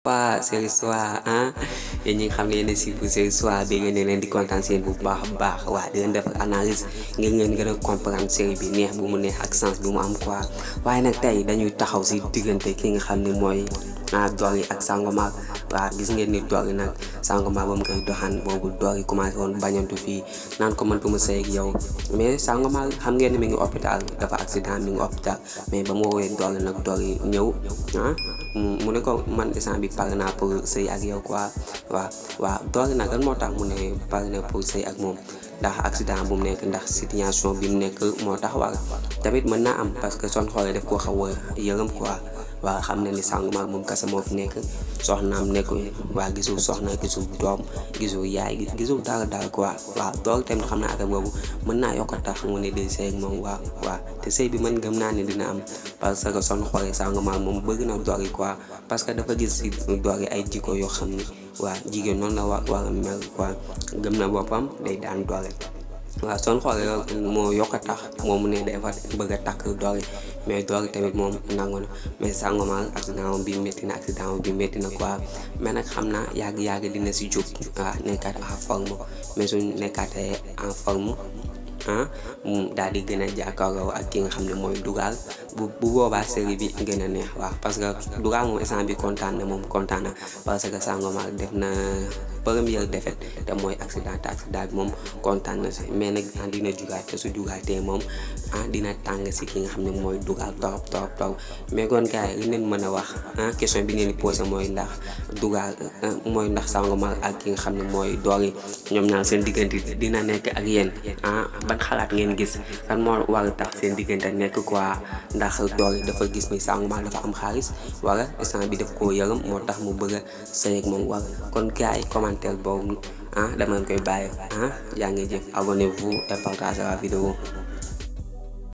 waa Serigne Soir ah yéen ñi xam ne yéen a si bu Serigne Soir bi ngeen leen di kontaan seen bu baax a baax waa di leen defal analyse ngeen leen gën a comprendre série bi neex bu mu neex ak sens bu mu am quoi waaye nag tey dañuy taxaw si diggante ki nga xam ne mooy ah Dolly ak Sangomar waaw gis ngeen ni Dolly nag. sangu maa ba mu koy doxaan boobu doog yi commencé woon bañantu fii naan ko mëntu ma sëy ak yow mais sangu maa xam ne mi ngi hôpital dafa accident mi ngi hôpital mais ba mu woowee doog nag doog yi ñëw ah, mu ne ko man instant bi pare naa pour sëy ak yow quoi waa waaw doog nag lan moo tax mu ne pare na pour sëy ak moom ndax accident bu mu nekk ndax situation bi mu nekk moo tax war tamit mën naa am parce que son xoolee def ko xaw a yërëm quoi waa xam na ni sangu maag moom kese moo fi nekk soxnaam nekku waa gisul soxna gisul doom gisul yaay gisul dara dara quoi waaw loolu tamit xam naa affaire boobu mën naa yokk a tax mu ne di sëy moom waa waaw te sëy bi man gëm naa ne dina am parce que son xoolee sangu maag moom bëgg na dori quoi parce que dafa gis si dori ay jikko yoo xam ni waa jigéen noonu la waa war a mel quoi gëm na boppam day daan dore waaw soo xoolee loolu moo yokk tax moom mu ne dafa bëgg a takk Dori mais Dori tamit moom nangu na mais Sangomar accident bi métti na accident bi métti na quoi mais nag xam naa yàgg yàgg dina si jóg ah nekkaat en forme mais suñu nekkaatee en forme ah daal di gën a jàkkaarloo ak ki nga xam ne mooy dugal bu boobaa série bi gën a neex waaw parce que dugal moom instant bi kontaan moom kontaan parce que Sangomar def na. première défaite te mooy accident te accident moom kontaan na si mais nag ah dina jugaat te su te moom ah dina tàng si ki nga xam ne mooy dugal torop torop torop mais kon gars yi li leen mën a wax ah bi ngeen di posé mooy ndax dugal ah mooy ndax Sangomar ak ki nga xam ne mooy Dori ñoom ñaar seen diggante dina nekk ak yéen ah ban xalaat ngeen gis kan moo war a tax seen diggante nekk quoi ndax Dori dafa gis ni Sangomar dafa am xaalis wala instant bi def koo yërëm moo tax mu bëgg a sëy ak moom wala kon gars yi commentaire boobu ah dama leen koy bàyyi ah yaa ngi jëf abonnez-vous et partagez la vidéo